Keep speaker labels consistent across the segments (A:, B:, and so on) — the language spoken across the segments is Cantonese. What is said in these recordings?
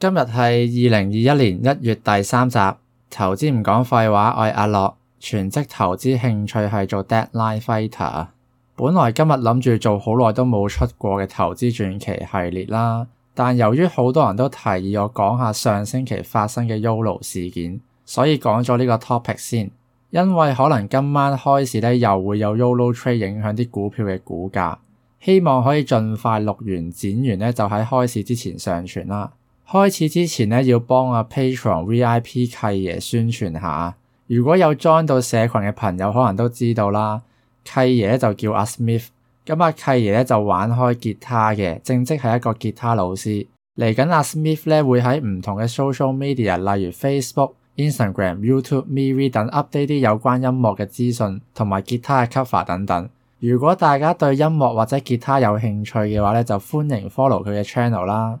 A: 今日係二零二一年一月第三集，投資唔講廢話。我係阿樂，全職投資興趣係做 Deadline Fighter。本來今日諗住做好耐都冇出過嘅投資傳奇系列啦，但由於好多人都提議我講下上星期發生嘅 YOLO 事件，所以講咗呢個 topic 先。因為可能今晚開市咧又會有 YOLO Trade 影響啲股票嘅股價，希望可以盡快錄完剪完咧，就喺開市之前上傳啦。開始之前咧，要幫阿 Patreon VIP 契爺宣傳下。如果有 join 到社群嘅朋友，可能都知道啦。契爺就叫阿 Smith，咁阿契爺咧就玩開吉他嘅，正職係一個吉他老師。嚟緊阿 Smith 咧會喺唔同嘅 social media，例如 Facebook、Instagram、YouTube、MeWe 等，update 啲有關音樂嘅資訊同埋吉他嘅 cover 等等。如果大家對音樂或者吉他有興趣嘅話咧，就歡迎 follow 佢嘅 channel 啦。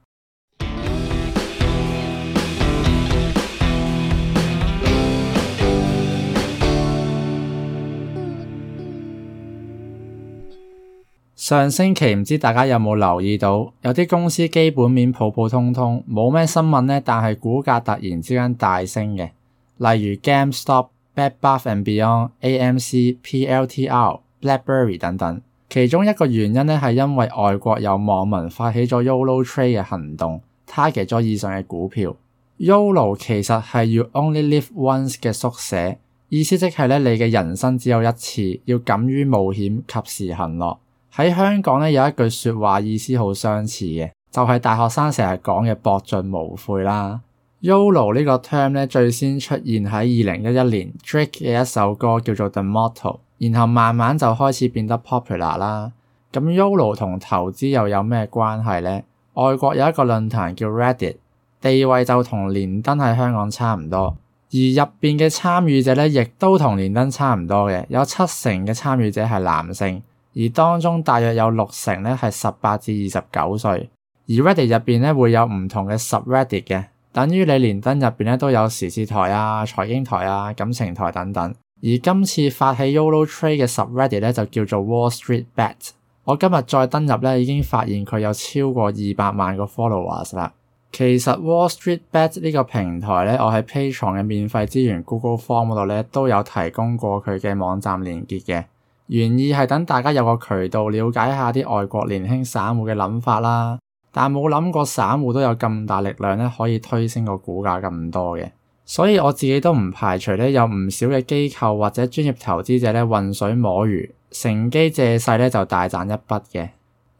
A: 上星期唔知大家有冇留意到，有啲公司基本面普普通通，冇咩新聞呢，但係股價突然之間大升嘅，例如 GameStop、Bed Bath and Beyond、AMC、PLTR、BlackBerry 等等。其中一個原因呢，係因為外國有網民發起咗 YOLO Trade 嘅行動，target 咗以上嘅股票。YOLO 其實係 You Only Live Once 嘅縮寫，意思即係呢你嘅人生只有一次，要敢於冒險，及時行樂。喺香港咧有一句說話意思好相似嘅，就係大學生成日講嘅博盡無悔啦。Yolo 呢個 term 咧，最先出現喺二零一一年 Drake 嘅一首歌叫做 The Motto，然後慢慢就開始變得 popular 啦。咁 Yolo 同投資又有咩關係呢？外國有一個論壇叫 Reddit，地位就同連登喺香港差唔多，而入邊嘅參與者咧，亦都同連登差唔多嘅，有七成嘅參與者係男性。而當中大約有六成咧係十八至二十九歲，而 Reddit 入邊咧會有唔同嘅 subreddit 嘅，等於你連登入邊咧都有時事台啊、財經台啊、感情台等等。而今次發起 YOLO Trade 嘅 subreddit 咧就叫做 Wall Street Bet。我今日再登入咧已經發現佢有超過二百萬個 Followers 啦。其實 Wall Street Bet 呢個平台咧，我喺 Patreon 嘅免費資源 Google Form 嗰度咧都有提供過佢嘅網站連結嘅。原意係等大家有個渠道了解一下啲外國年輕散戶嘅諗法啦，但冇諗過散戶都有咁大力量咧，可以推升個股價咁多嘅。所以我自己都唔排除咧，有唔少嘅機構或者專業投資者咧，混水摸魚，乘機借勢咧就大賺一筆嘅。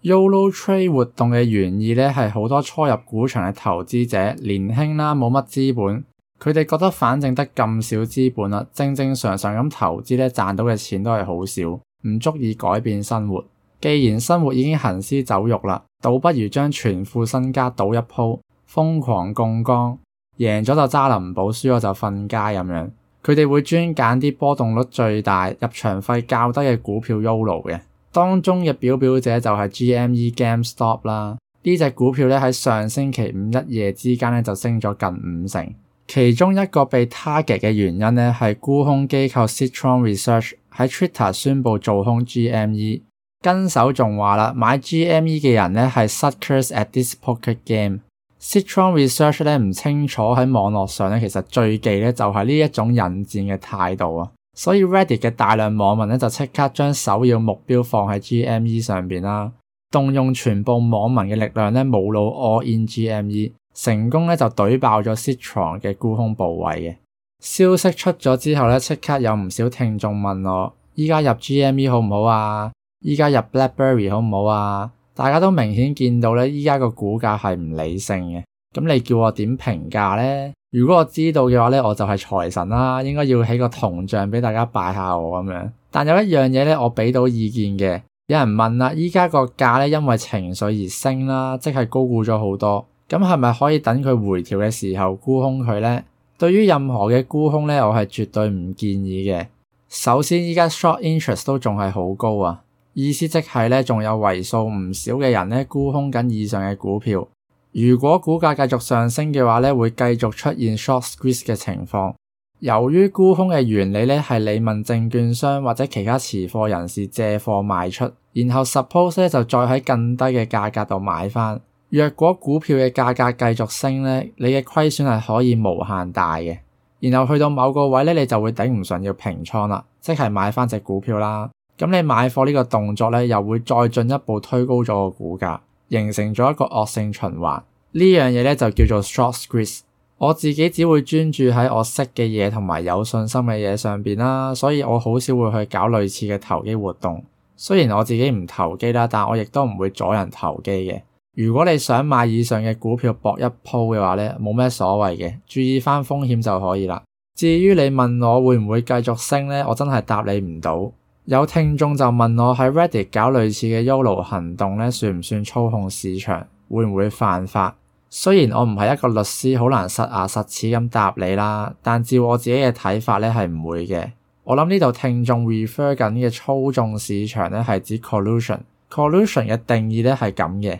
A: YOLO Trade 活動嘅原意咧係好多初入股場嘅投資者年輕啦，冇乜資本。佢哋覺得反正得咁少資本啦，正正常常咁投資咧，賺到嘅錢都係好少，唔足以改變生活。既然生活已經行屍走肉啦，倒不如將全副身家賭一鋪，瘋狂槓桿，贏咗就揸林寶，輸咗就瞓街咁樣。佢哋會專揀啲波動率最大、入場費較低嘅股票 YOLO 嘅，當中嘅表表者就係 GME GameStop 啦。呢隻股票咧喺上星期五一夜之間咧就升咗近五成。其中一個被 target 嘅原因咧，係沽空機構 Citron Research 喺 Twitter 宣布做空 GME，跟手仲話啦，買 GME 嘅人咧係 suckers at this poker game。Citron Research 咧唔清楚喺網絡上咧，其實最忌咧就係呢一種引戰嘅態度啊，所以 Reddit 嘅大量網民咧就即刻將首要目標放喺 GME 上邊啦，動用全部網民嘅力量咧，冇腦 all in GME。成功咧就懟爆咗 Citron 嘅沽空部位嘅消息出咗之後咧，即刻有唔少聽眾問我：依家入 GME 好唔好啊？依家入 Blackberry 好唔好啊？大家都明顯見到咧，依家個股價係唔理性嘅。咁你叫我點評價咧？如果我知道嘅話咧，我就係財神啦，應該要起個銅像俾大家拜下我咁樣。但有一樣嘢咧，我俾到意見嘅。有人問啦，依家個價咧，因為情緒而升啦，即係高估咗好多。咁係咪可以等佢回調嘅時候沽空佢呢？對於任何嘅沽空呢，我係絕對唔建議嘅。首先，依家 short interest 都仲係好高啊，意思即係呢，仲有為數唔少嘅人呢，沽空緊以上嘅股票。如果股價繼續上升嘅話呢，會繼續出現 short squeeze 嘅情況。由於沽空嘅原理呢，係你問證券商或者其他持貨人士借貨賣出，然後 suppose 呢，就再喺更低嘅價格度買返。若果股票嘅價格繼續升咧，你嘅虧損係可以無限大嘅。然後去到某個位咧，你就會頂唔順要平倉啦，即係買返隻股票啦。咁你買貨呢個動作咧，又會再進一步推高咗個股價，形成咗一個惡性循環。呢樣嘢咧就叫做 short squeeze。我自己只會專注喺我識嘅嘢同埋有信心嘅嘢上邊啦，所以我好少會去搞類似嘅投機活動。雖然我自己唔投機啦，但我亦都唔會阻人投機嘅。如果你想買以上嘅股票搏一鋪嘅話呢，冇咩所謂嘅，注意翻風險就可以啦。至於你問我會唔會繼續升呢，我真係答你唔到。有聽眾就問我喺 Reddit 搞類似嘅 YOLO 行動呢，算唔算操控市場，會唔會犯法？雖然我唔係一個律師，好難實牙實齒咁答你啦。但照我自己嘅睇法呢，係唔會嘅。我諗呢度聽眾 refer 緊嘅操縱市場呢，係指 collusion。Collusion 嘅定義呢，係咁嘅。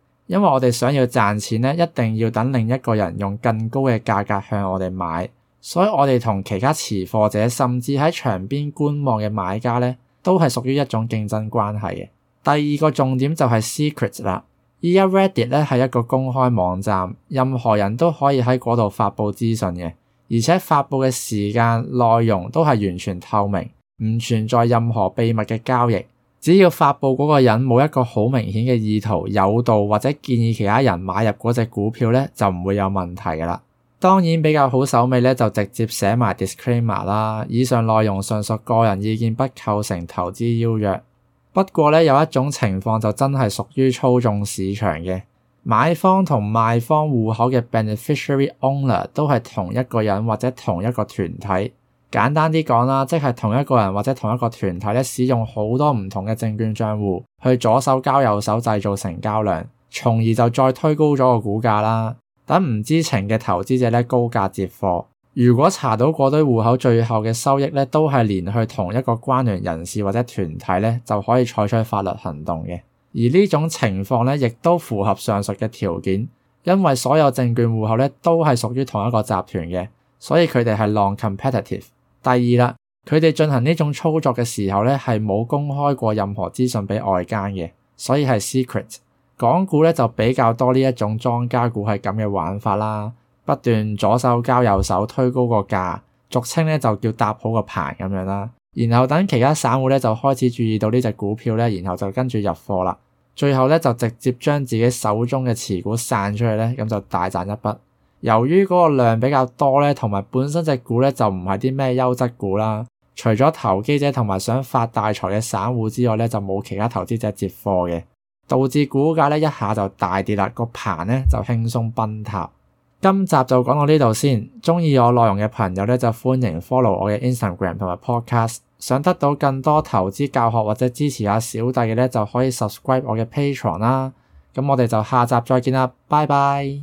A: 因為我哋想要賺錢咧，一定要等另一個人用更高嘅價格向我哋買，所以我哋同其他持貨者，甚至喺場邊觀望嘅買家咧，都係屬於一種競爭關係嘅。第二個重點就係 Secret 啦。而家 Reddit 咧係一個公開網站，任何人都可以喺嗰度發布資訊嘅，而且發布嘅時間內容都係完全透明，唔存在任何秘密嘅交易。只要發布嗰個人冇一個好明顯嘅意圖、誘導或者建議其他人買入嗰隻股票咧，就唔會有問題噶啦。當然比較好手尾咧，就直接寫埋 disclaimer 啦。以上內容純屬個人意見，不構成投資邀約。不過咧，有一種情況就真係屬於操縱市場嘅，買方同賣方戶口嘅 beneficiary owner 都係同一個人或者同一個團體。簡單啲講啦，即係同一個人或者同一個團體咧，使用好多唔同嘅證券帳戶去左手交右手，製造成交量，從而就再推高咗個股價啦。等唔知情嘅投資者咧，高價接貨。如果查到嗰堆戶口最後嘅收益咧，都係連去同一個關聯人士或者團體咧，就可以採取法律行動嘅。而呢種情況咧，亦都符合上述嘅條件，因為所有證券戶口咧都係屬於同一個集團嘅，所以佢哋係 long competitive。第二啦，佢哋進行呢種操作嘅時候咧，係冇公開過任何資訊俾外間嘅，所以係 secret。港股咧就比較多呢一種莊家股係咁嘅玩法啦，不斷左手交右手推高個價，俗稱咧就叫搭好個棚咁樣啦。然後等其他散戶咧就開始注意到呢隻股票咧，然後就跟住入貨啦，最後咧就直接將自己手中嘅持股散出去咧，咁就大賺一筆。由於嗰個量比較多咧，同埋本身隻股咧就唔係啲咩優質股啦，除咗投機者同埋想發大財嘅散戶之外咧，就冇其他投資者接貨嘅，導致股價咧一下就大跌啦，個盤咧就輕鬆崩塌。今集就講到呢度先，鍾意我內容嘅朋友咧就歡迎 follow 我嘅 Instagram 同埋 Podcast，想得到更多投資教學或者支持下小弟嘅咧就可以 subscribe 我嘅 Patreon 啦。咁我哋就下集再見啦，拜拜。